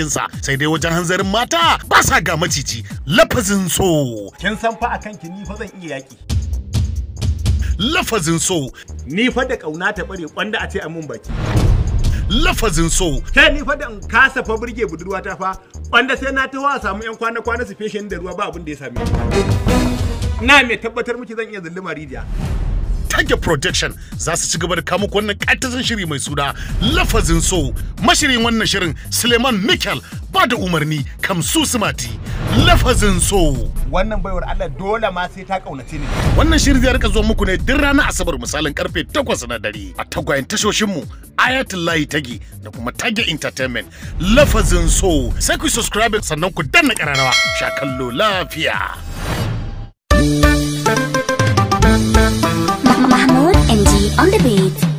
cikinsa sai dai wajen hanzarin mata ba sa ga maciji lafazin so kin san fa akan ki ni fa zan iya yaki lafazin so ni fa da kauna ta bare kwanda a ce a mun baki lafazin so kai ni fa da in kasa fa burge budurwa ta fa kwanda sai na tawa a samu yan kwana kwana su feshe da ruwa ba abin da ya same na mai tabbatar miki zan iya zulluma rijiya tage Production za su ci gaba da kamu wannan ƙatasin shiri mai suna lafazin so mashirin wannan shirin suleiman mikel ba da umarni su sumati lafazin so wannan baiwar allah dole ma sai ta kaunace ni wannan shirin zai rika zo muku ne duk ranar asabar misalin karfe 8 na dare a tagwayen tashoshinmu ayatullahi tagi da kuma tage entertainment lafazin so sai ku subscribe sannan ku danna kararrawa sha kallo lafiya on the beat.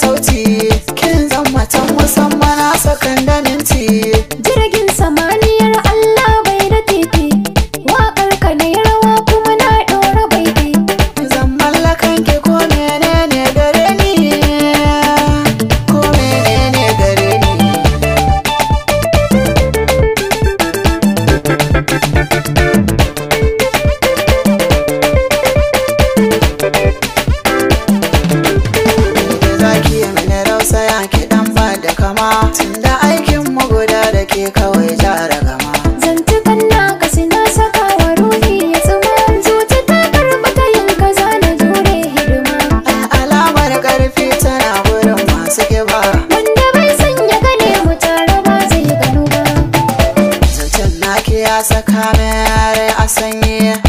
sauti kamar a sanye